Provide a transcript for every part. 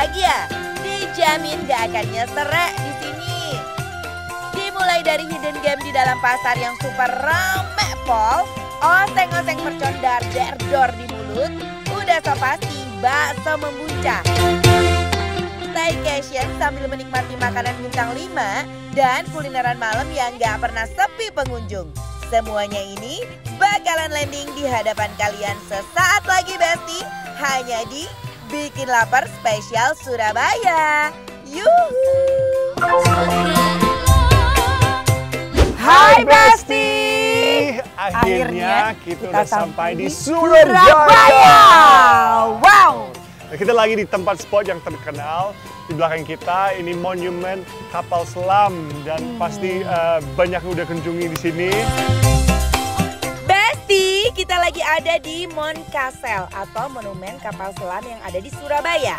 bahagia. Dijamin gak akan nyeserak di sini. Dimulai dari hidden game di dalam pasar yang super rame, Paul Oseng-oseng mercon dar dor di mulut. Udah so pasti bakso membuncah. Staycation sambil menikmati makanan bintang 5 dan kulineran malam yang gak pernah sepi pengunjung. Semuanya ini bakalan landing di hadapan kalian sesaat lagi Besti hanya di Bikin lapar spesial Surabaya. Yuhu. Hai Besti. Akhirnya, Akhirnya kita, kita udah sampai di Surabaya. Surabaya. Wow. kita lagi di tempat spot yang terkenal di belakang kita ini monumen kapal selam dan hmm. pasti uh, banyak yang udah kunjungi di sini kita lagi ada di Moncasel atau Monumen Kapal Selam yang ada di Surabaya.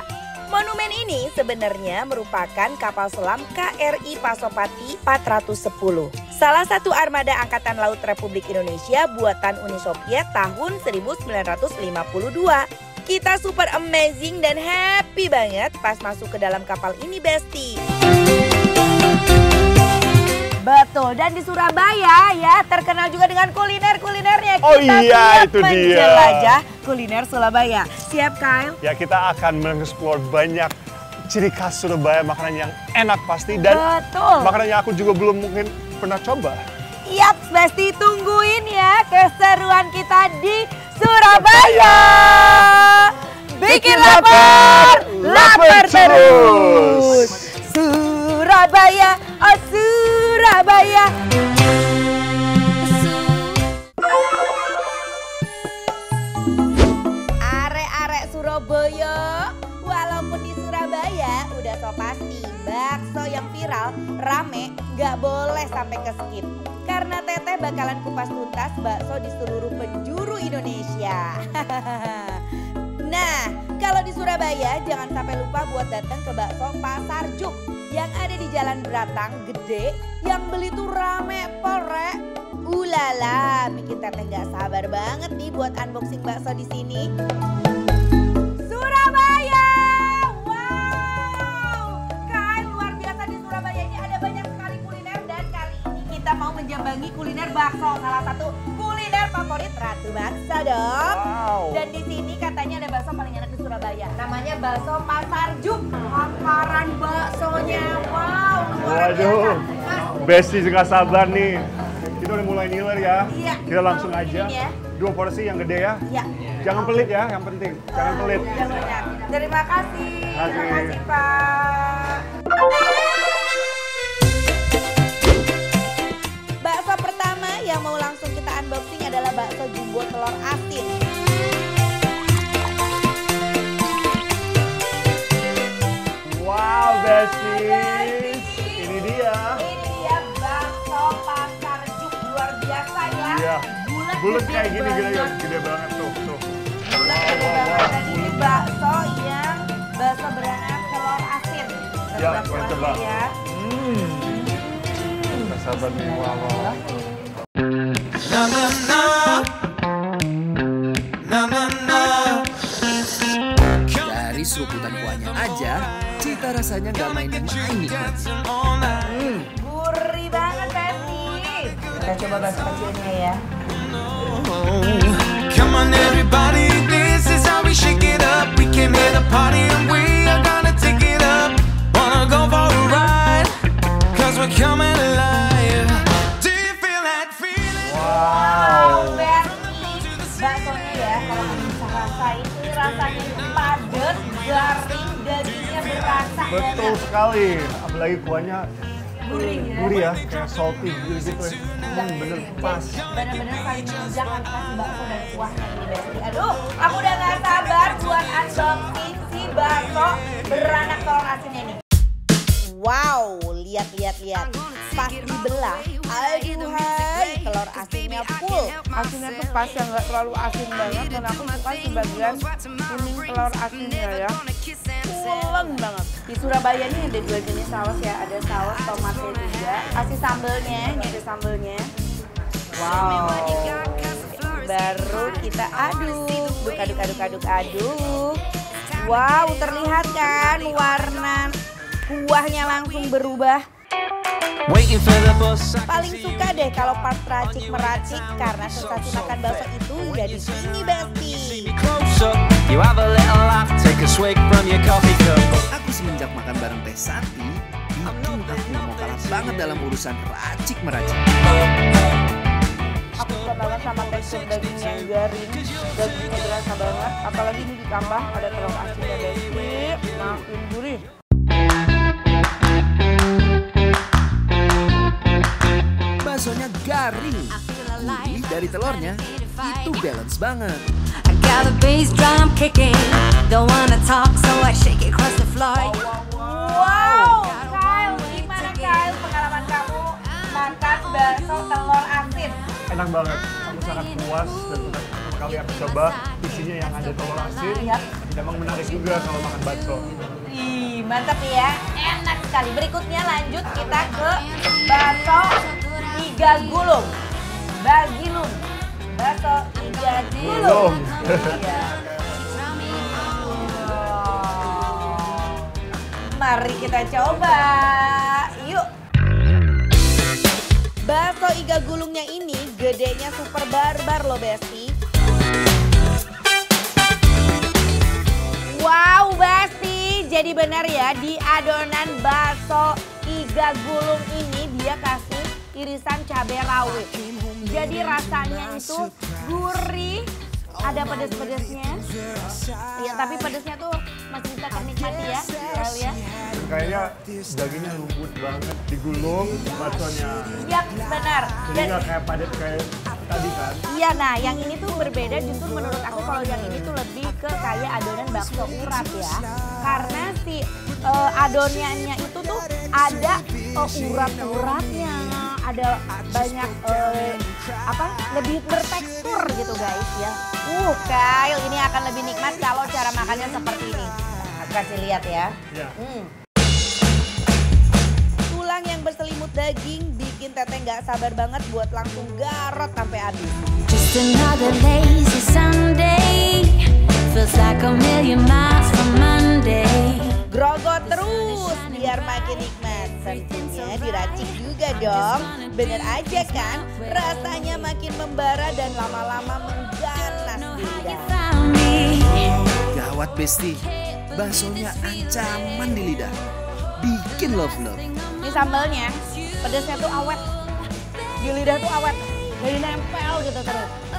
Monumen ini sebenarnya merupakan kapal selam KRI Pasopati 410. Salah satu armada Angkatan Laut Republik Indonesia buatan Uni Soviet tahun 1952. Kita super amazing dan happy banget pas masuk ke dalam kapal ini bestie. Betul, dan di Surabaya ya terkenal juga dengan kuliner-kulinernya. Oh kita iya, itu menjelajah dia. menjelajah kuliner Surabaya. Siap, Kyle? Ya, kita akan mengeksplor banyak ciri khas Surabaya, makanan yang enak pasti. Dan Betul. makanan yang aku juga belum mungkin pernah coba. Yap, pasti tungguin ya keseruan kita di Surabaya. Bikin, lapar, lapar, terus. Surabaya, oh Surabaya. Arek-arek Surabaya, walaupun di Surabaya udah so pasti bakso yang viral, rame, gak boleh sampai ke skip. Karena teteh bakalan kupas tuntas bakso di seluruh penjuru Indonesia. nah, kalau di Surabaya jangan sampai lupa buat datang ke bakso Pasar Juk yang ada di Jalan Beratang gede yang beli tuh rame polre. Ulala, bikin teteh gak sabar banget nih buat unboxing bakso di sini. Surabaya, wow, kain luar biasa di Surabaya ini ada banyak sekali kuliner dan kali ini kita mau menjambangi kuliner bakso salah satu kuliner favorit Ratu Bangsa dong. Wow. Dan di sini katanya ada bakso paling enak di Surabaya. Namanya bakso Pasar Juk. Makaran baksonya wow luar Waduh, Besti juga sabar nih. Kita udah mulai ngiler ya. Iya. Kita langsung aja. Ya. Dua porsi yang gede ya. Iya. Jangan pelit ya, yang penting. Jangan pelit. Jangan iya, pelit. Terima kasih. Terima kasih, Pak. bakso jumbo telur asin. Wow, besties. Ini dia. Ini dia bakso pasar juk luar biasa ya. Iya. Bulat kayak gini ya. gede, gede banget tuh, tuh. Bulat wow, gede wow, banget. Wow. Ini bakso yang bakso beranak telur asin. Kita ya, coba. coba. Ya. Hmm. Sahabat nih, wow, wow. rebutan kuahnya aja, cita rasanya nggak main-main nih. Hmm. Gurih banget, Pepi. Kita coba bahasa kecilnya ya. Come on everybody, this is how we shake it up. We came here to party and we are gonna take it up. Wanna go for a ride, cause we're coming alive. Do you feel that feeling? Wow, Bernie, baksonya ya, kalau bisa rasa rasanya itu garing, dagingnya berasa. Ya, Betul sekali. Apalagi kuahnya gurih ya. Gurih ya, kayak salty gitu gitu. Hmm, bener iya, iya. pas. Bener-bener paling menunjang antara bakso dan kuahnya ini Aduh, aku udah gak sabar buat unboxing si bakso beranak telur asin ini. Wow, lihat lihat lihat pas dibelah hai telur asinnya full asinnya tuh pas yang nggak terlalu asin banget dan aku suka sebagian kuning telur asinnya ya pulen banget di Surabaya ini ada dua jenis saus ya ada saus tomatnya juga kasih sambelnya ini ada sambelnya wow baru kita aduk aduk aduk aduk aduk wow terlihat kan warna Kuahnya langsung berubah. Paling suka deh kalau part racik meracik karena sensasi makan bakso itu ya di sini Besti. Aku semenjak makan bareng Teh Santi bikin aku mau kalah banget dalam urusan racik meracik aku suka banget sama tekstur dagingnya yang garing dagingnya berasa banget apalagi ini ditambah ada telur asinnya dari makin gurih baksonya garing. Lebih dari telurnya, itu balance banget. Wow, Kyle, gimana Kyle pengalaman kamu makan bakso telur asin? Enak banget, aku sangat puas dan pertama kali aku coba isinya yang ada telur asin. Yep. Iya. Dan emang menarik juga kalau makan bakso. Ih, mantap ya, enak sekali. Berikutnya lanjut kita ke bakso iga gulung. Bagilung. Bakso iga gulung. Iya. Mari kita coba. Yuk. Bakso iga gulungnya ini gedenya super barbar loh Besti. Wow Besti, jadi benar ya di adonan bakso iga gulung ini dia kasih irisan cabai rawit. Jadi rasanya itu gurih, ada pedes-pedesnya. Ya, tapi pedesnya tuh masih bisa kenikmati ya, ya. Kayaknya dagingnya lembut banget, digulung batuannya. Iya, benar. Jadi nggak kayak padat kayak tadi kan? Iya, nah yang ini tuh berbeda justru menurut aku kalau yang ini tuh lebih ke kayak adonan bakso urat ya. Karena si uh, adonannya itu tuh ada uh, urat-uratnya ada ah, banyak uh, apa lebih bertekstur gitu guys ya. Uh, kail ini akan lebih nikmat kalau cara makannya seperti ini. Aku kasih lihat ya. Iya. Hmm. Tulang yang berselimut daging bikin teteh nggak sabar banget buat langsung garot sampai habis. Just another lazy Sunday. Grogot terus biar makin nikmat Tentunya diracik juga dong Bener aja kan rasanya makin membara dan lama-lama mengganas lidah Gawat Besti, baksonya ancaman di lidah Bikin love love Ini sambalnya, pedasnya tuh awet Di lidah tuh awet, jadi nempel gitu terus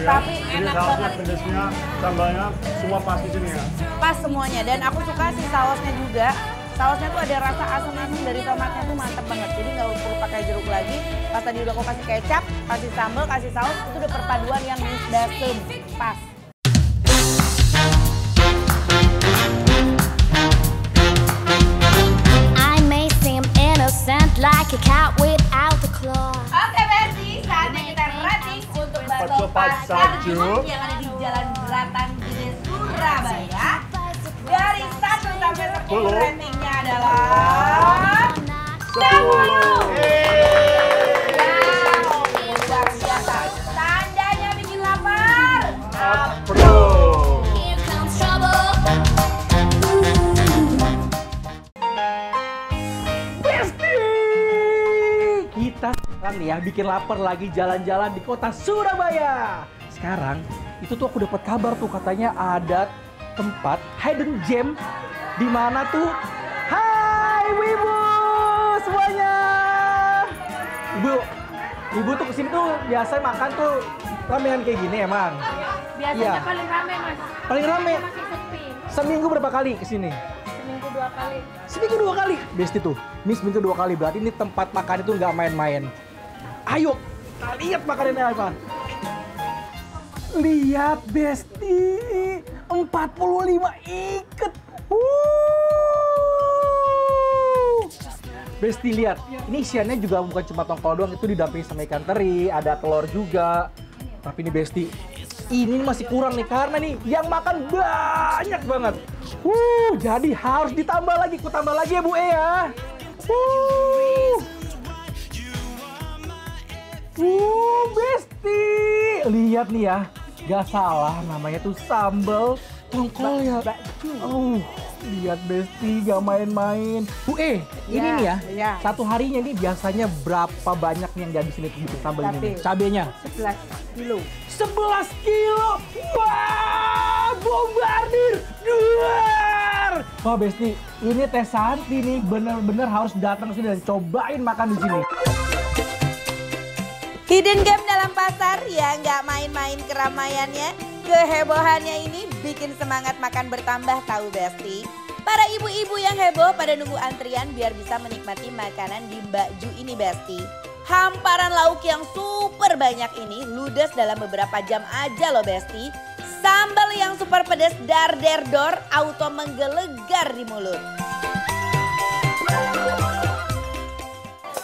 ya. tapi Jadi enak sausnya, banget. pedesnya, sambalnya semua pas di sini ya. Pas semuanya dan aku suka sih sausnya juga. Sausnya tuh ada rasa asam-asam dari tomatnya tuh mantep banget. Jadi nggak perlu pakai jeruk lagi. Pas tadi udah aku kasih kecap, kasih sambal, kasih saus, itu udah perpaduan yang dasem pas. I may seem innocent like a cat without a claw. Okay. Sobat Salju yang ada di Jalan Beratan Gede Surabaya. Dari 1 sampai 10 ratingnya adalah makan nih ya bikin lapar lagi jalan-jalan di kota Surabaya. Sekarang itu tuh aku dapat kabar tuh katanya ada tempat hidden gem di mana tuh Hai Wibu semuanya. Ibu, Ibu tuh kesini tuh biasa makan tuh ramean kayak gini emang. Iya, biasanya iya. paling rame mas. Paling rame. Masih sepi. Seminggu berapa kali kesini? Seminggu dua kali. Seminggu dua kali, Besti tuh. Ini minggu dua kali berarti ini tempat makan itu nggak main-main. Ayo, kita lihat makanannya Ivan. Lihat Besti, 45 ikat. Besti lihat, ini isiannya juga bukan cuma tongkol doang, itu didampingi sama ikan teri, ada telur juga. Tapi ini Besti, ini masih kurang nih karena nih yang makan banyak banget. Uh, jadi harus ditambah lagi, ku tambah lagi ya Bu E ya. Wuh, Besti. Lihat nih ya, gak salah namanya tuh sambal tongkol ya. Oh, lihat Besti gak main-main. Bu eh, ya, ini nih ya, ya. Satu harinya ini biasanya berapa banyak nih yang dihabisin itu bikin sambal Cabe. ini? Cabenya? 11 kilo. 11 kilo. Wah, bombardir. Duar. Wah, Besti, ini Teh Santi nih bener-bener harus datang sini dan cobain makan di sini. Hidden game dalam pasar ya nggak main-main keramaiannya, kehebohannya ini bikin semangat makan bertambah tahu Besti. Para ibu-ibu yang heboh pada nunggu antrian biar bisa menikmati makanan di Mbak Ju ini Besti. Hamparan lauk yang super banyak ini ludes dalam beberapa jam aja loh Besti. Sambal yang super pedas dar der dor auto menggelegar di mulut.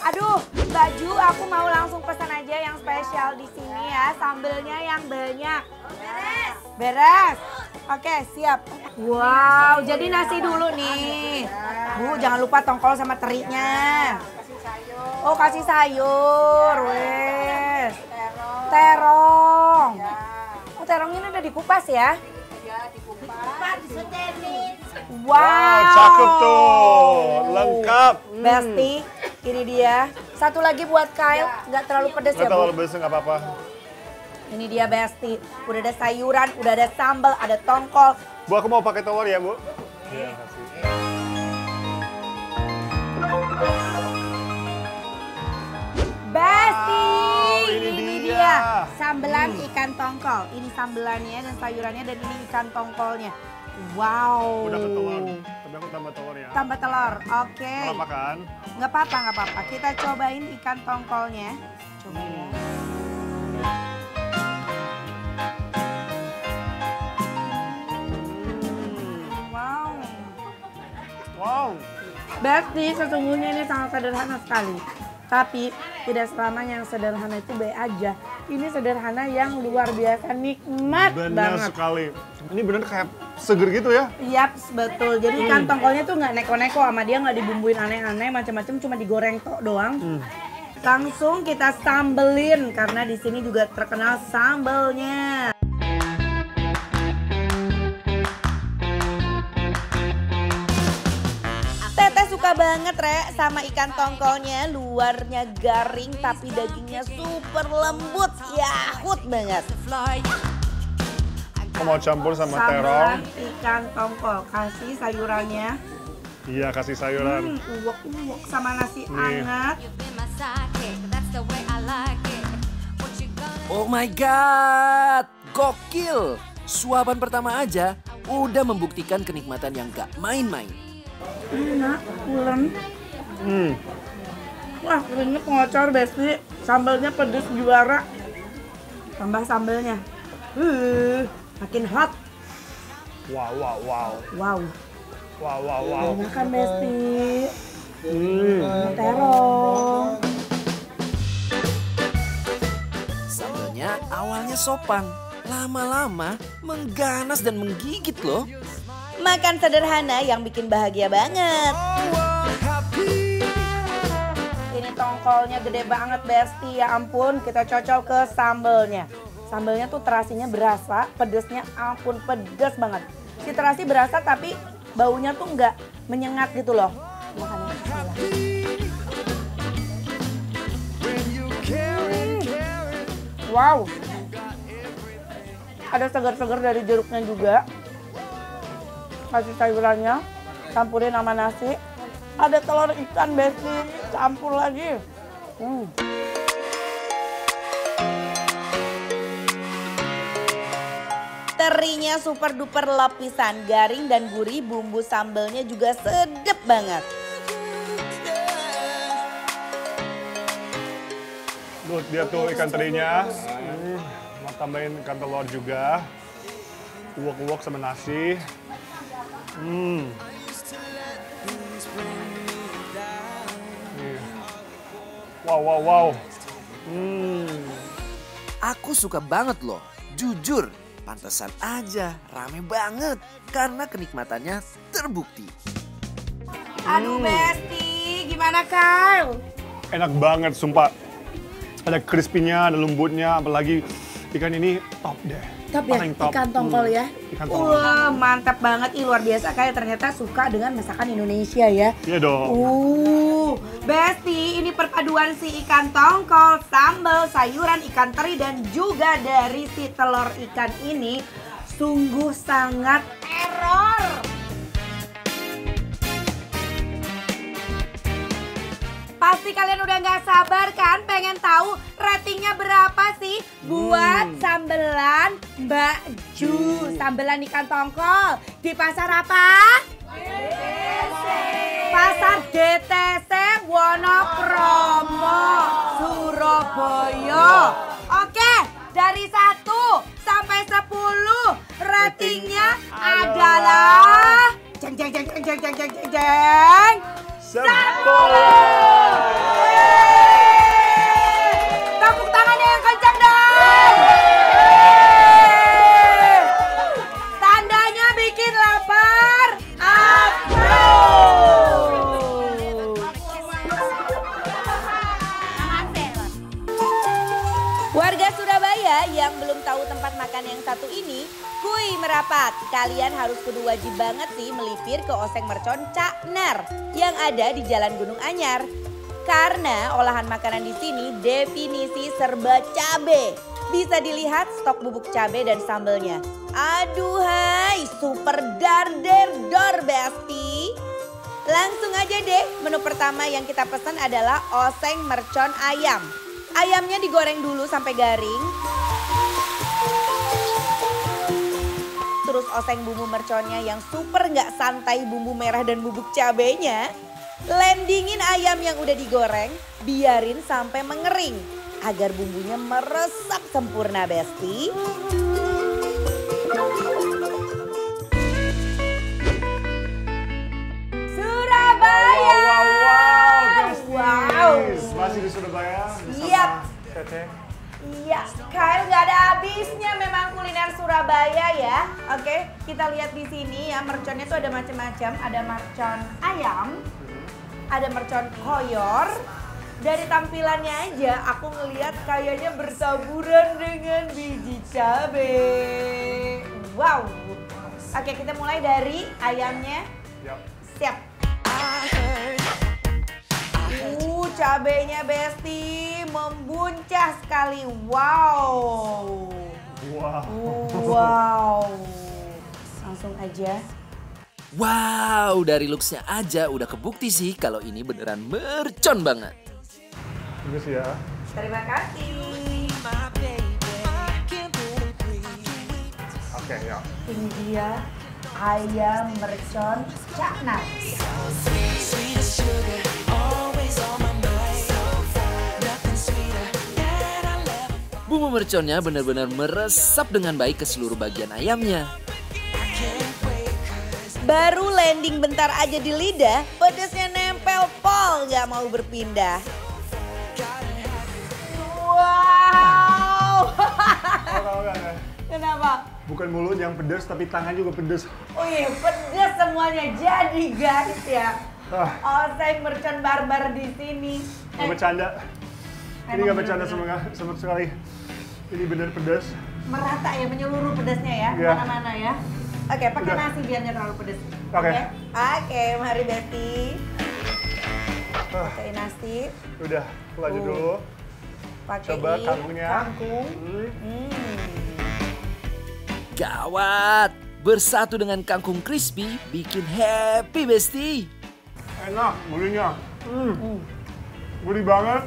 Aduh, baju aku mau langsung pesan aja yang spesial di sini ya. Sambelnya yang banyak. Beres. Beres. Oke, siap. Wow, jadi nasi dulu nih. Bu, jangan lupa tongkol sama terinya. Oh, kasih sayur. Wes. Terong. Oh, terong ini udah dikupas ya? Wow, cakep tuh, lengkap. Besti, ini dia. Satu lagi buat Kyle, nggak terlalu pedes gak ya, terlalu pedes, nggak apa-apa. Ini dia Besti. Udah ada sayuran, udah ada sambal, ada tongkol. Bu, aku mau pakai tower ya, Bu. Iya, kasih. Besti! Wow, ini, ini dia. dia. Sambelan hmm. ikan tongkol. Ini sambelannya dan sayurannya dan ini ikan tongkolnya. Wow. Udah ke telur. Tapi aku tambah telur ya. Tambah telur. Oke. Okay. Enggak apa-apa kan? Enggak apa-apa, enggak apa-apa. Kita cobain ikan tongkolnya. Coba. Hmm. Wow. Wow. Berarti sesungguhnya ini sangat sederhana sekali. Tapi tidak selamanya yang sederhana itu baik aja. Ini sederhana yang luar biasa nikmat bener banget. sekali. Ini bener kayak seger gitu ya? yep, betul. Jadi hmm. kan tongkolnya tuh nggak neko-neko sama dia nggak dibumbuin aneh-aneh macam-macam cuma digoreng tok doang. Hmm. Langsung kita sambelin karena di sini juga terkenal sambelnya. banget Re sama ikan tongkolnya Luarnya garing tapi dagingnya super lembut Yahut banget Aku mau campur sama, sama terong ikan tongkol Kasih sayurannya Iya kasih sayuran hmm, Uwok-uwok sama nasi hangat Oh my god Gokil Suapan pertama aja udah membuktikan kenikmatan yang gak main-main enak pulen hmm. wah kerennya pengocor besti sambalnya pedes juara tambah sambalnya uh makin hot wow wow wow wow wow wow wow makan besti hmm. terong sambalnya awalnya sopan lama-lama mengganas dan menggigit loh Makan sederhana yang bikin bahagia banget. Ini tongkolnya gede banget Besti, ya ampun kita cocok ke sambelnya. Sambelnya tuh terasinya berasa, pedesnya ampun pedes banget. Si terasi berasa tapi baunya tuh nggak menyengat gitu loh. Hmm. Wow, ada segar-segar dari jeruknya juga kasih sayurannya campurin sama nasi ada telur ikan besi campur lagi hmm. Terinya super duper lapisan garing dan gurih, bumbu sambalnya juga sedep banget. lihat dia tuh ikan terinya, nah, mau tambahin ikan telur juga, uwak-uwak sama nasi. Hmm. Iya. Wow, wow, wow. Hmm. Aku suka banget loh, jujur. Pantesan aja, rame banget. Karena kenikmatannya terbukti. Aduh, hmm. Besti, gimana kau? Enak banget, sumpah. Ada crispy-nya, ada lembutnya, apalagi ikan ini top deh mantap ya, hmm, ya ikan tongkol ya ikan wah mantap banget ih luar biasa kayak ternyata suka dengan masakan Indonesia ya iya dong uh Besti ini perpaduan si ikan tongkol sambal sayuran ikan teri dan juga dari si telur ikan ini sungguh sangat error Pasti kalian udah nggak sabar kan pengen tahu ratingnya berapa sih hmm. buat hmm. sambelan Mbak Ju. Hmm. Sambelan ikan tongkol di pasar apa? Pasar DTC Wonokromo, Surabaya. Oke, dari satu sampai 10 ratingnya adalah jeng jeng jeng jeng jeng jeng jeng jeng 三过了。tempat. Kalian harus kudu wajib banget sih melipir ke oseng mercon Cakner yang ada di Jalan Gunung Anyar. Karena olahan makanan di sini definisi serba cabe. Bisa dilihat stok bubuk cabe dan sambelnya. Aduh hai, super darder dor besti. Langsung aja deh, menu pertama yang kita pesan adalah oseng mercon ayam. Ayamnya digoreng dulu sampai garing. terus oseng bumbu merconnya yang super nggak santai bumbu merah dan bubuk cabenya. landingin ayam yang udah digoreng, biarin sampai mengering agar bumbunya meresap sempurna Besti. Surabaya. Wow, wow, wow, wow. Masih di Surabaya. Siap. Teteh. Ya, kaya nggak ada habisnya memang kuliner Surabaya ya. Oke, kita lihat di sini ya merconnya tuh ada macam-macam. Ada mercon ayam, ada mercon koyor. Dari tampilannya aja aku ngelihat kayaknya bertaburan dengan biji cabe. Wow. Oke, kita mulai dari ayamnya. Siap. Uh, cabenya bestie membuncah sekali. Wow. Wow. Wow. Langsung aja. Wow, dari looksnya aja udah kebukti sih kalau ini beneran mercon banget. Bagus ya. Terima kasih. Oke, ya. Ini dia ayam mercon cakna. Bumbu merconnya benar-benar meresap dengan baik ke seluruh bagian ayamnya. Baru landing bentar aja di lidah, pedasnya nempel pol gak mau berpindah. Wow! Kenapa? Bukan mulut yang pedas, tapi tangan juga pedas. Oh iya, pedas semuanya. Jadi guys ya, ah. Oh, saya mercon barbar di sini. Gak eh. bercanda. Ini gak bercanda sama, sama sekali. Ini benar pedas. Merata ya, menyeluruh pedasnya ya, yeah. Iya. mana-mana ya. Oke, okay, pakai nasi biar nggak terlalu pedas. Oke. Okay. Oke, okay. okay, mari Betty. Ah. Pakai nasi. Udah, lanjut uh. dulu. Pakai Coba kangkungnya. Kangkung. Hmm. Gawat, bersatu dengan kangkung crispy bikin happy Besti. Enak gurihnya. Hmm. Gurih banget.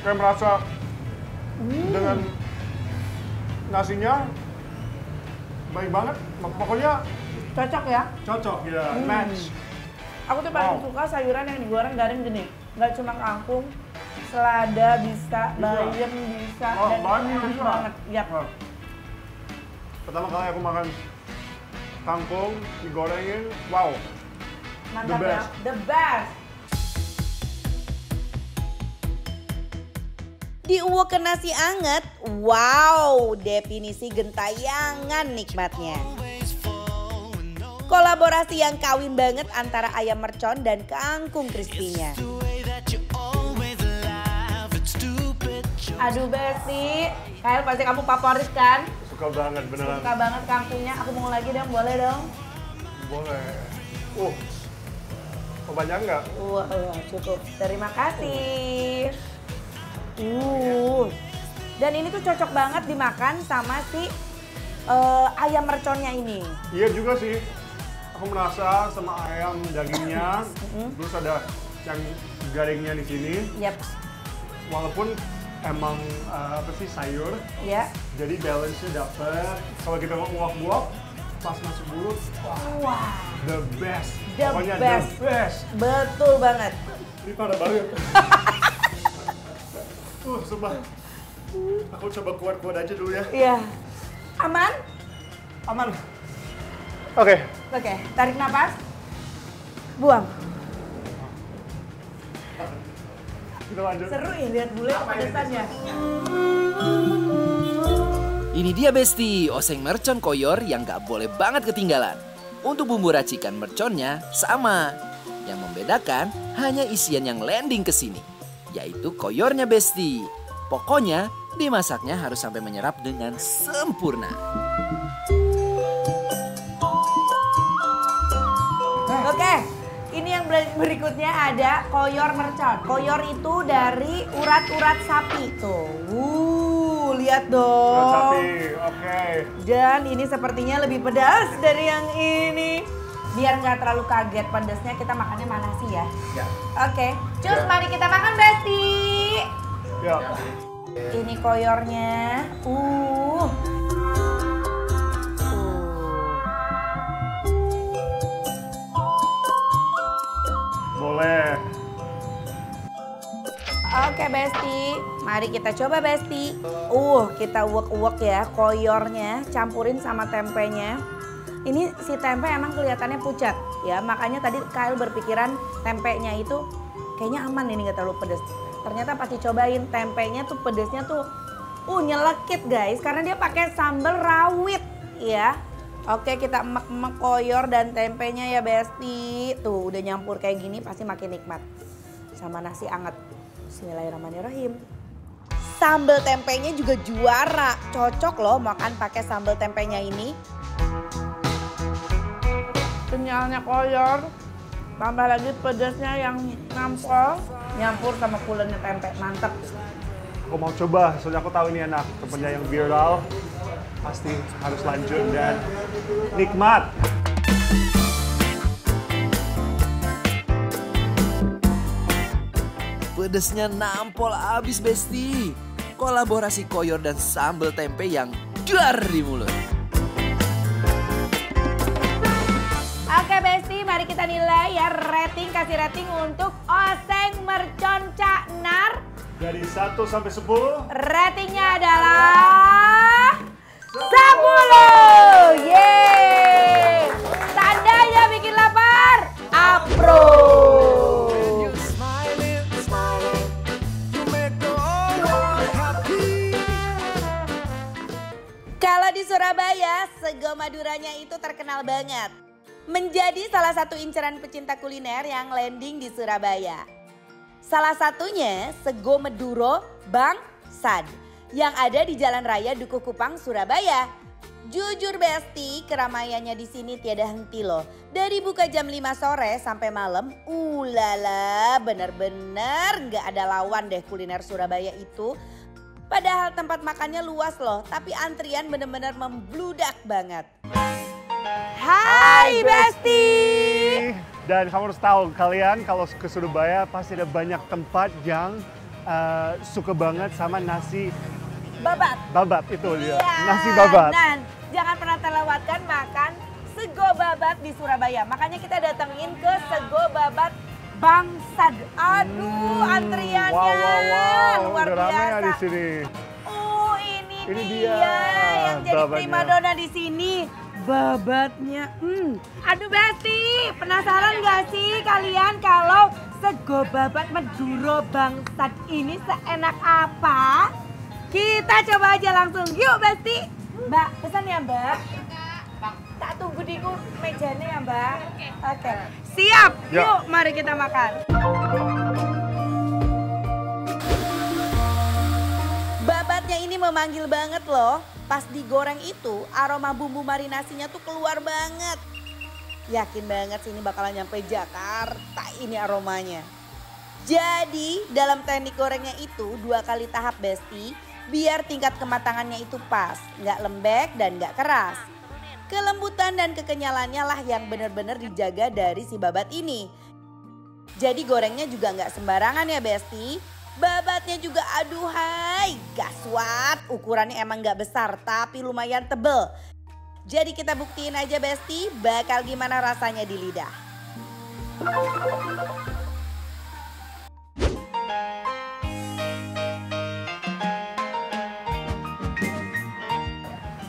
Kayak merasa hmm. dengan nasinya baik banget pokoknya cocok ya cocok ya hmm. match aku tuh paling wow. suka sayuran yang digoreng garing gini nggak cuma kangkung selada bisa, bayam bisa oh, dan banyak banget ya nah. pertama kali aku makan kangkung digorengin wow Mantap the ya. best ya. the best diuwek ke nasi anget, wow definisi gentayangan nikmatnya. Kolaborasi yang kawin banget antara ayam mercon dan kangkung crispy-nya. Aduh Besti, Kail pasti kamu favorit kan? Suka banget beneran. Suka banget kangkungnya, aku mau lagi dong, boleh dong? Boleh. Uh, kebanyakan nggak? Wah, uh, uh, cukup. Terima kasih. Uh. Dan ini tuh cocok banget dimakan sama si uh, ayam merconnya ini. Iya juga sih. Aku merasa sama ayam dagingnya, terus ada yang garingnya di sini. Yep. Walaupun emang uh, apa sih sayur. Iya. Yeah. Jadi balance-nya dapet. Kalau kita mau uap-uap, pas masuk mulut, wah, Wow. the best. The Pokoknya best. the best. Betul banget. Ini pada baru. uh sumpah. Aku coba kuat-kuat aja dulu ya. Iya. Aman? Aman. Oke. Okay. Oke, okay. tarik nafas. Buang. Kita lanjut. Seru ya lihat bule pedesannya. Ini dia Besti, oseng mercon koyor yang gak boleh banget ketinggalan. Untuk bumbu racikan merconnya sama. Yang membedakan hanya isian yang landing ke sini yaitu koyornya Besti. Pokoknya dimasaknya harus sampai menyerap dengan sempurna. Oke, ini yang berikutnya ada koyor mercon. Koyor itu dari urat-urat sapi tuh. Wuh, lihat dong. sapi, oke. Dan ini sepertinya lebih pedas dari yang ini biar nggak terlalu kaget pedasnya kita makannya mana sih ya. ya. Oke, okay. cus ya. mari kita makan Besti. Ya. Ini koyornya. Uh. Boleh. Oke Besti, mari kita coba Besti. Uh, kita uwek-uwek ya koyornya, campurin sama tempenya ini si tempe emang kelihatannya pucat ya makanya tadi Kyle berpikiran tempenya itu kayaknya aman ini nggak terlalu pedes ternyata pas dicobain tempenya tuh pedesnya tuh uh nyelekit guys karena dia pakai sambal rawit ya Oke kita emek-emek koyor dan tempenya ya Besti Tuh udah nyampur kayak gini pasti makin nikmat Sama nasi anget Bismillahirrahmanirrahim Sambal tempenya juga juara Cocok loh makan pakai sambal tempenya ini kenyalnya koyor tambah lagi pedasnya yang nampol nyampur sama kulennya tempe mantep aku mau coba soalnya aku tahu ini enak temennya yang viral pasti harus lanjut dan nikmat pedesnya nampol abis besti kolaborasi koyor dan sambal tempe yang dari mulut kita nilai ya rating, kasih rating untuk Oseng Mercon Cak Nar. Dari 1 sampai 10. Ratingnya ya, adalah 10. ye Tandanya bikin lapar. apro. Kalau di Surabaya, sego Maduranya itu terkenal banget menjadi salah satu inceran pecinta kuliner yang landing di Surabaya. Salah satunya Sego Meduro Bang Sad yang ada di Jalan Raya Dukuh Kupang, Surabaya. Jujur Besti, keramaiannya di sini tiada henti loh. Dari buka jam 5 sore sampai malam, ulala bener-bener nggak ada lawan deh kuliner Surabaya itu. Padahal tempat makannya luas loh, tapi antrian bener-bener membludak banget. Hai, Besti. Dan kamu harus tahu kalian kalau ke Surabaya pasti ada banyak tempat yang uh, suka banget sama nasi babat. Babat itu dia. Ya. Nasi babat. Dan jangan pernah terlewatkan makan sego babat di Surabaya. Makanya kita datengin ke sego babat Bangsad. Aduh, hmm. antriannya wow, wow, wow. luar Udah ya biasa. Rame di sini. Oh, ini, ini dia, dia yang jadi primadona di sini babatnya. Hmm. Aduh Besti, penasaran gak sih kalian kalau sego babat Meduro Bangsat ini seenak apa? Kita coba aja langsung. Yuk Besti. Mbak, pesan ya Mbak. Tak tunggu di mejanya ya Mbak. Oke. Okay. Siap. Ya. Yuk, mari kita makan. ini memanggil banget loh. Pas digoreng itu aroma bumbu marinasinya tuh keluar banget. Yakin banget sih ini bakalan nyampe Jakarta ini aromanya. Jadi dalam teknik gorengnya itu dua kali tahap besti biar tingkat kematangannya itu pas, nggak lembek dan nggak keras. Kelembutan dan kekenyalannya lah yang benar-benar dijaga dari si babat ini. Jadi gorengnya juga nggak sembarangan ya Besti, Babatnya juga aduhai. Gaswat, ukurannya emang nggak besar tapi lumayan tebel. Jadi kita buktiin aja Besti bakal gimana rasanya di lidah.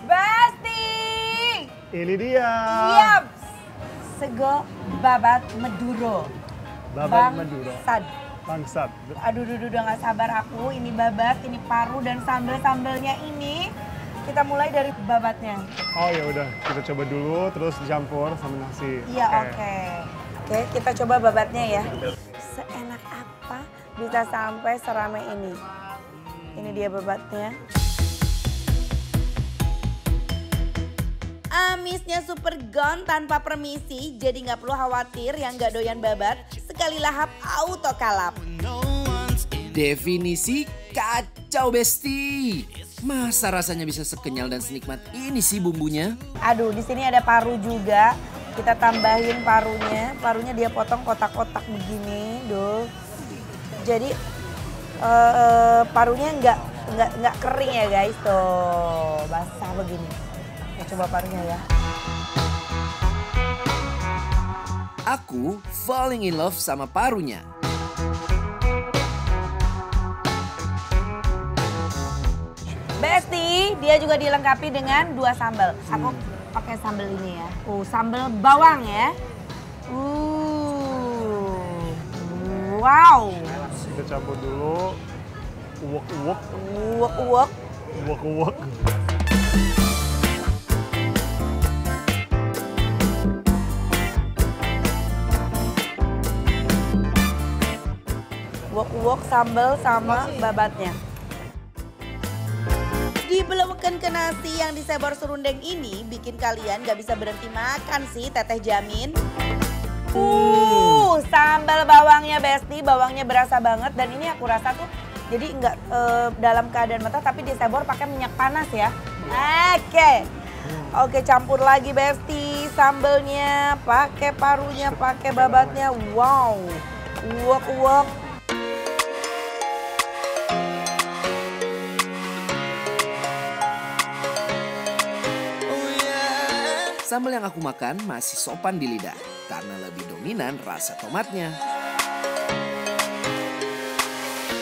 Besti! Ini dia. Sego babat meduro Babat Bang meduro Sad. Mantap. Aduh, duh, duh, udah nggak sabar aku. Ini babat, ini paru dan sambel-sambelnya ini kita mulai dari babatnya. Oh ya udah, kita coba dulu terus dicampur sama nasi. Iya, oke. Okay. Oke, okay. kita coba babatnya ya. Seenak apa bisa sampai serame ini? Ini dia babatnya. Amisnya super gone tanpa permisi, jadi nggak perlu khawatir yang nggak doyan babat kali lahap auto kalap. Definisi kacau besti. Masa rasanya bisa sekenyal dan senikmat ini sih bumbunya? Aduh, di sini ada paru juga. Kita tambahin parunya. Parunya dia potong kotak-kotak begini, doh. Jadi uh, parunya nggak nggak nggak kering ya guys, tuh basah begini. Kita coba parunya ya. Aku falling in love sama parunya. Besti, dia juga dilengkapi dengan dua sambal. Aku pakai sambal ini ya. Uh, sambal bawang ya. Uh. Wow. Kita campur dulu uwak-uwak. Uwak-uwak. Uwak-uwak. wok-wok sambal sama babatnya. Dibeleweken ke nasi yang disebor serundeng ini bikin kalian gak bisa berhenti makan sih teteh jamin. Uh, sambal bawangnya besti, bawangnya berasa banget dan ini aku rasa tuh jadi nggak e, dalam keadaan mentah tapi disebor pakai minyak panas ya. Oke. Okay. Oke, okay, campur lagi besti sambalnya, pakai parunya, pakai babatnya. Wow. uwok uwok. Sambal yang aku makan masih sopan di lidah karena lebih dominan rasa tomatnya.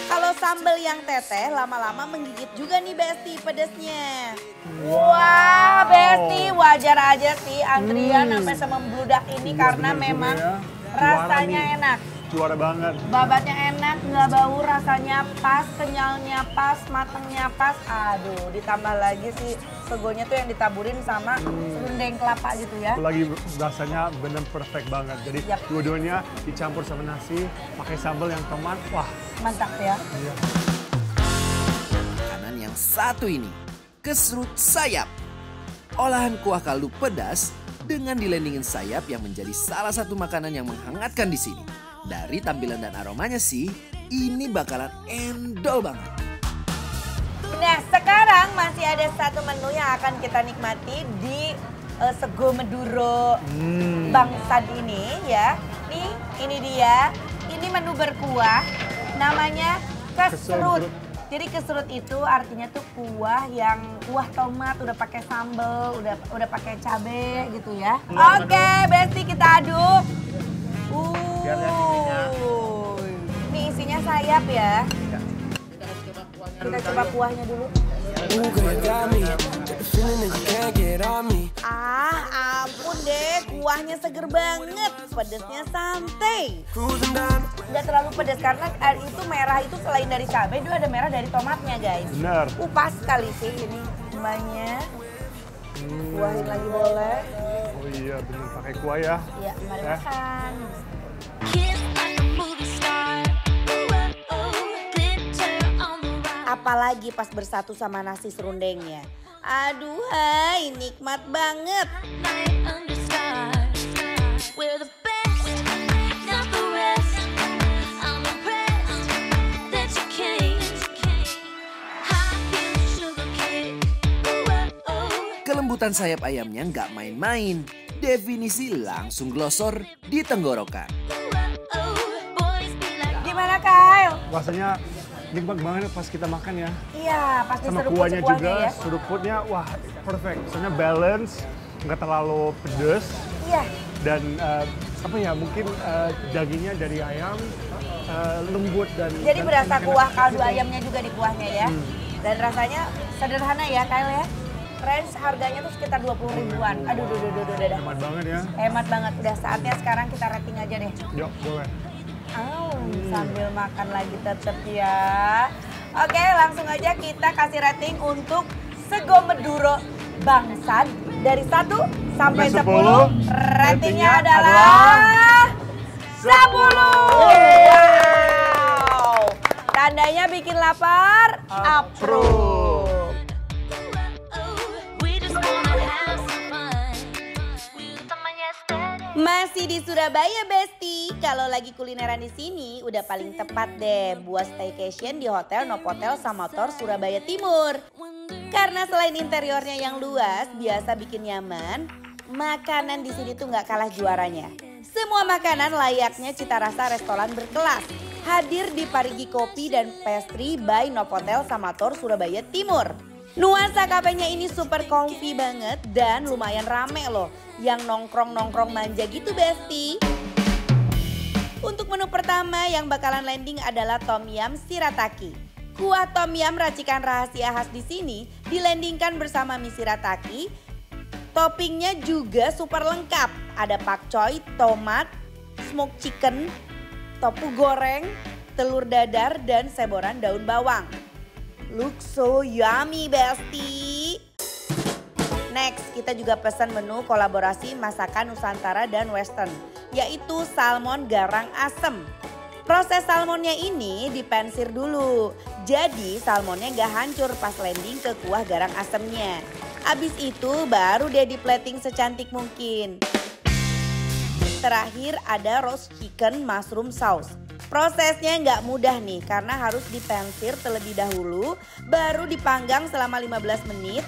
Kalau sambal yang teteh lama-lama menggigit juga nih Besti pedesnya. Wow. Wah Besti wajar aja sih antrian hmm. sampai semembludak ini bener, karena bener -bener memang ya. rasanya enak juara banget. Babatnya enak, nggak bau, rasanya pas, kenyalnya pas, matangnya pas. Aduh, ditambah lagi sih segonya tuh yang ditaburin sama serundeng kelapa gitu ya. lagi rasanya bener perfect banget. Jadi yep. dua-duanya dicampur sama nasi, pakai sambal yang teman, wah. Mantap ya. Iya. Makanan yang satu ini, kesrut sayap. Olahan kuah kaldu pedas dengan dilendingin sayap yang menjadi salah satu makanan yang menghangatkan di sini. Dari tampilan dan aromanya sih, ini bakalan endol banget. Nah sekarang masih ada satu menu yang akan kita nikmati di uh, Sego Meduro hmm. ini ya. Nih ini dia, ini menu berkuah namanya keserut. Jadi keserut itu artinya tuh kuah yang kuah tomat udah pakai sambel, udah udah pakai cabe gitu ya. Oke, okay, Besti kita aduk. Uh, biar isinya. Ini isinya sayap ya. Iya. Kita, coba kuahnya, dulu. Ah, ampun deh, kuahnya seger banget, pedesnya santai. Gak terlalu pedes karena air eh, itu merah itu selain dari cabai, itu ada merah dari tomatnya guys. Benar. Upas uh, kali sih ini, banyak. Kuahin lagi boleh. Oh iya, benar pakai kuah ya. Iya, mari eh. makan. Apalagi pas bersatu sama nasi serundengnya. aduh Aduhai, nikmat banget. Kelembutan sayap ayamnya nggak main-main. Definisi langsung glosor di tenggorokan. Gimana Kyle? Rasanya nikmat banget pas kita makan ya. Iya, pas Sama seruput kuahnya juga, ya. seruputnya wah perfect. Soalnya balance, nggak terlalu pedes. Iya. Dan uh, apa ya, mungkin uh, dagingnya dari ayam uh, lembut dan Jadi dan berasa kuah kaldu ayamnya juga di kuahnya ya. Hmm. Dan rasanya sederhana ya, Kyle ya. Range harganya tuh sekitar 20 ribuan. Aduh, duh, duh, duh, duh, duh. Hemat banget ya. Hemat banget. Udah saatnya sekarang kita rating aja deh. Yuk, boleh. Oh, hmm. sambil makan lagi tetap ya. Oke, langsung aja kita kasih rating untuk Sego Meduro Bangsat dari 1 sampai 10. ratingnya adalah 10. Wow. Tandanya bikin lapar, approve. Masih di Surabaya, best kalau lagi kulineran di sini, udah paling tepat deh buat staycation di Hotel Nopotel Samator Surabaya Timur. Karena selain interiornya yang luas, biasa bikin nyaman, makanan di sini tuh nggak kalah juaranya. Semua makanan layaknya cita rasa restoran berkelas. Hadir di Parigi Kopi dan Pastry by Novotel Samator Surabaya Timur. Nuansa kafenya ini super comfy banget dan lumayan rame loh. Yang nongkrong-nongkrong manja gitu Besti. Untuk menu pertama yang bakalan landing adalah tom yam sirataki. Kuah tom yam racikan rahasia khas di sini dilandingkan bersama mie sirataki. Toppingnya juga super lengkap. Ada pakcoy, tomat, smoked chicken, topu goreng, telur dadar, dan seboran daun bawang. Look so yummy bestie! Next, kita juga pesan menu kolaborasi masakan Nusantara dan Western, yaitu salmon garang asem. Proses salmonnya ini dipensir dulu, jadi salmonnya gak hancur pas landing ke kuah garang asemnya. Abis itu baru dia di plating secantik mungkin. Terakhir ada roast chicken mushroom sauce. Prosesnya nggak mudah nih karena harus dipensir terlebih dahulu, baru dipanggang selama 15 menit,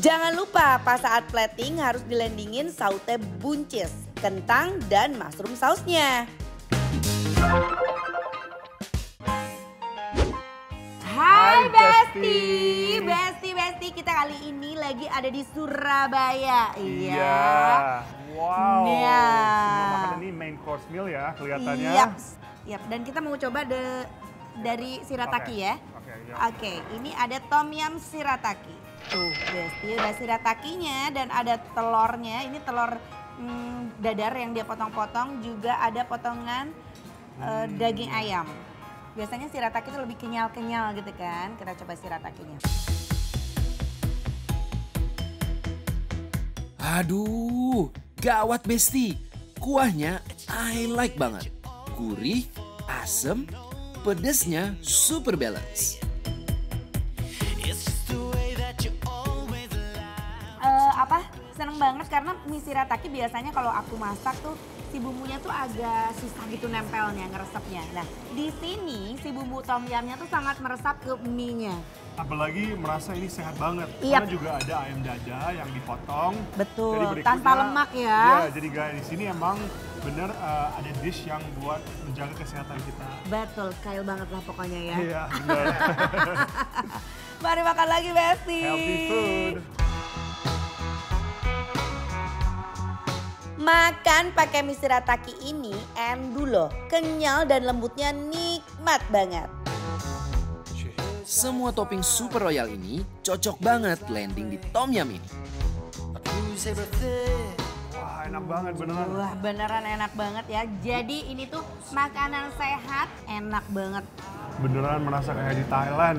Jangan lupa pas saat plating harus dilendingin saute buncis, kentang dan mushroom sausnya. Hai Besti, Besti, Besti kita kali ini lagi ada di Surabaya. Iya. iya. Wow. Iya. Makanan ini main course meal ya kelihatannya. Yap. Yap. Dan kita mau coba de, dari sirataki okay. ya. Oke. Okay, iya. Oke. Okay, ini ada tom yam sirataki. Tuh, Besti iya, udah sirat takinya dan ada telurnya. Ini telur hmm, dadar yang dia potong-potong, juga ada potongan uh, daging ayam. Biasanya sirataki itu lebih kenyal-kenyal gitu kan. Kita coba siratakinya. Aduh, gawat Besti. Kuahnya I like banget. Gurih, asem, pedesnya super balance. banget karena mie shirataki biasanya kalau aku masak tuh si bumbunya tuh agak susah gitu nempelnya, ngeresepnya. Nah, di sini si bumbu tom yamnya tuh sangat meresap ke mie-nya. Apalagi merasa ini sehat banget. Iya. Karena juga ada ayam dada yang dipotong. Betul, jadi tanpa lemak ya. Iya, jadi guys di sini emang bener uh, ada dish yang buat menjaga kesehatan kita. Betul, kail banget lah pokoknya ya. Iya, bener. Mari makan lagi, Besti. Healthy food. Makan pakai mie shirataki ini endu loh, kenyal dan lembutnya nikmat banget. Semua topping super royal ini cocok banget landing di tom yum ini. Wah enak banget beneran. Wah beneran enak banget ya. Jadi ini tuh makanan sehat enak banget. Beneran merasa kayak di Thailand.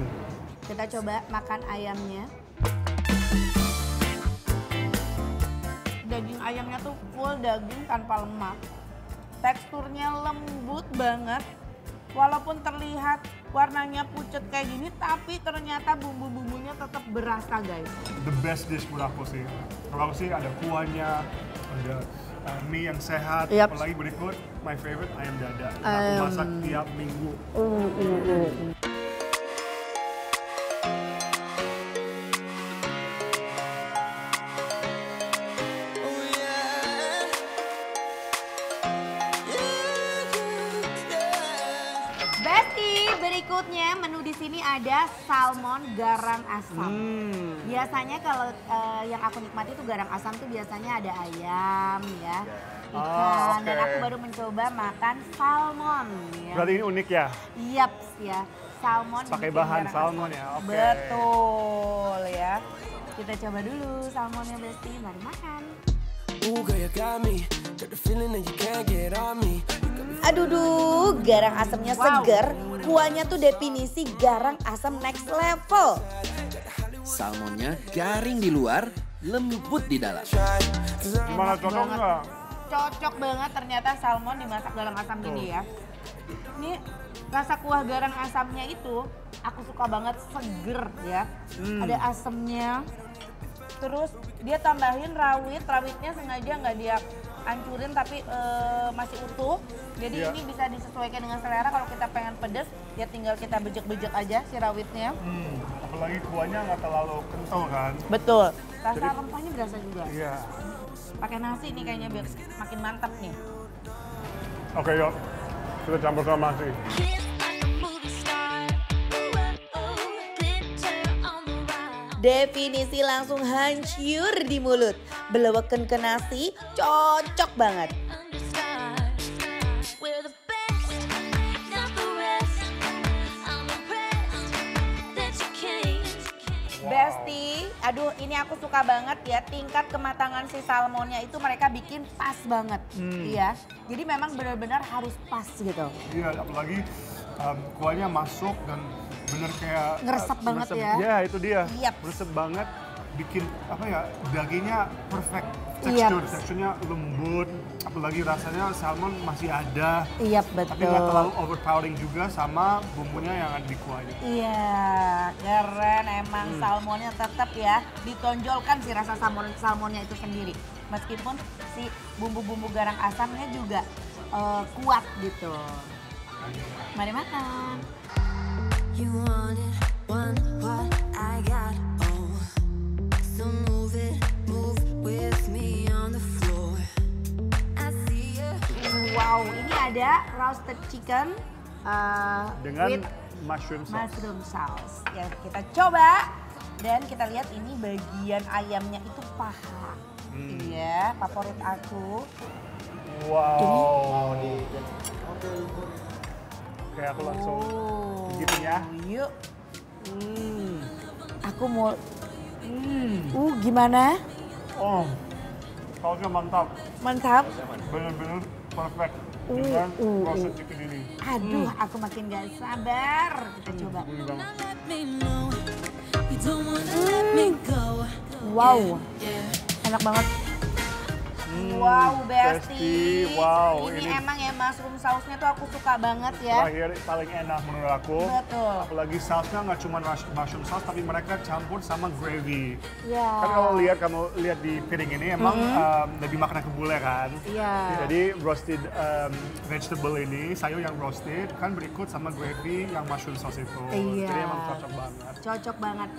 Kita coba makan ayamnya. ayamnya tuh full daging tanpa lemak. Teksturnya lembut banget. Walaupun terlihat warnanya pucet kayak gini, tapi ternyata bumbu-bumbunya tetap berasa guys. The best dish buat aku sih. Kalau sih ada kuahnya, ada eh, mie yang sehat, yep. apalagi berikut my favorite ayam dada. Um, aku masak tiap minggu. Mm, mm, ada salmon garang asam. Hmm. Biasanya kalau uh, yang aku nikmati itu garang asam tuh biasanya ada ayam ya, ya. ikan. Oh, okay. Dan aku baru mencoba makan salmon. Ya. Berarti ini unik ya? Yap ya, salmon. Pakai bahan salmon asam. ya. Okay. Betul ya. Kita coba dulu salmonnya Besti, mari makan. Ooh, girl, you got me. Got the feeling that you can't get on me. Aduh duh, garang asamnya wow. seger. Kuahnya tuh definisi garang asam next level. Salmonnya garing di luar, lembut di dalam. Gimana cocok nggak? Cocok banget ternyata salmon dimasak dalam asam oh. gini ya. Ini rasa kuah garang asamnya itu aku suka banget seger ya. Hmm. Ada asamnya. Terus dia tambahin rawit, rawitnya sengaja nggak dia ancurin tapi uh, masih utuh. Jadi yeah. ini bisa disesuaikan dengan selera kalau kita pengen pedes ya tinggal kita bejek-bejek aja si rawitnya. Hmm, apalagi kuahnya nggak terlalu kental kan. Betul. Rasa Jadi, rempahnya berasa juga. Iya. Pakai nasi ini kayaknya biar makin mantap nih. Oke, okay, yuk. Kita campur sama nasi. Definisi langsung hancur di mulut. Beleweken ke nasi cocok banget. Besti, aduh ini aku suka banget ya tingkat kematangan si salmonnya itu mereka bikin pas banget, hmm. Iya. Jadi memang benar-benar harus pas gitu. Iya, apalagi um, kuahnya masuk dan bener kayak ngeresep uh, banget ngeresep. ya. iya itu dia. Yep. Ngeresep banget bikin apa ya dagingnya perfect tekstur, yep. teksturnya lembut, apalagi rasanya salmon masih ada. Iya yep, betul. Tapi nggak terlalu overpowering juga sama bumbunya yang ada di kuahnya. Iya, keren emang hmm. salmonnya tetap ya ditonjolkan si rasa salmon salmonnya itu sendiri. Meskipun si bumbu-bumbu garang asamnya juga uh, kuat gitu. Mari makan. Wow, ini ada roasted chicken uh, dengan with mushroom sauce. Mushroom sauce. Ya, kita coba dan kita lihat ini bagian ayamnya itu paha. Hmm. Iya, favorit aku. Wow. Ini. Oke, aku langsung oh. gitu ya. Yuk. Hmm. Aku mau... Hmm. Uh, gimana? Oh, sausnya mantap. Mantap? benar-benar perfect. Uh, dengan uh, uh. proses uh. ini. Aduh, hmm. aku makin gak sabar. Kita coba. Hmm. hmm. Wow, enak banget wow, hmm, Besti. Wow, ini, ini emang ya mushroom sausnya tuh aku suka banget ya. Terakhir paling enak menurut aku. Betul. Apalagi sausnya nggak cuma mushroom sauce tapi mereka campur sama gravy. Iya. Yeah. Kan kalau lihat kamu lihat di piring ini emang mm -hmm. um, lebih makanan kebule kan. Iya. Yeah. Jadi roasted um, vegetable ini, sayur yang roasted kan berikut sama gravy yang mushroom sauce itu. Yeah. Jadi emang cocok banget. Cocok banget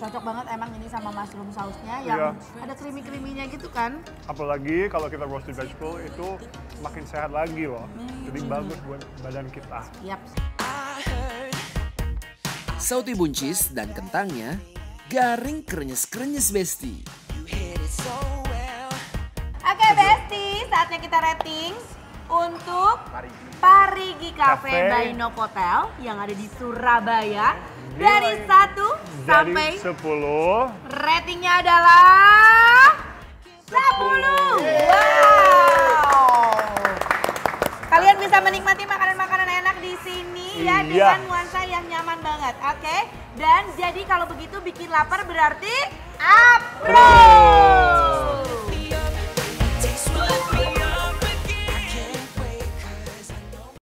cocok banget emang ini sama mushroom sausnya yang yeah. ada creamy creaminya gitu kan. Apalagi kalau kita roasted vegetable itu makin sehat lagi loh. Hmm. Jadi bagus buat badan kita. yep. Sauti buncis dan kentangnya garing krenyes-krenyes besti. Oke okay, besti, saatnya kita rating untuk Parigi, Cafe, Cafe. by yang ada di Surabaya. Dari satu sampai sepuluh, Ratingnya adalah 10. Wow. Kalian bisa menikmati makanan-makanan enak di sini ya iya. dengan nuansa yang nyaman banget. Oke. Okay? Dan jadi kalau begitu bikin lapar berarti approve.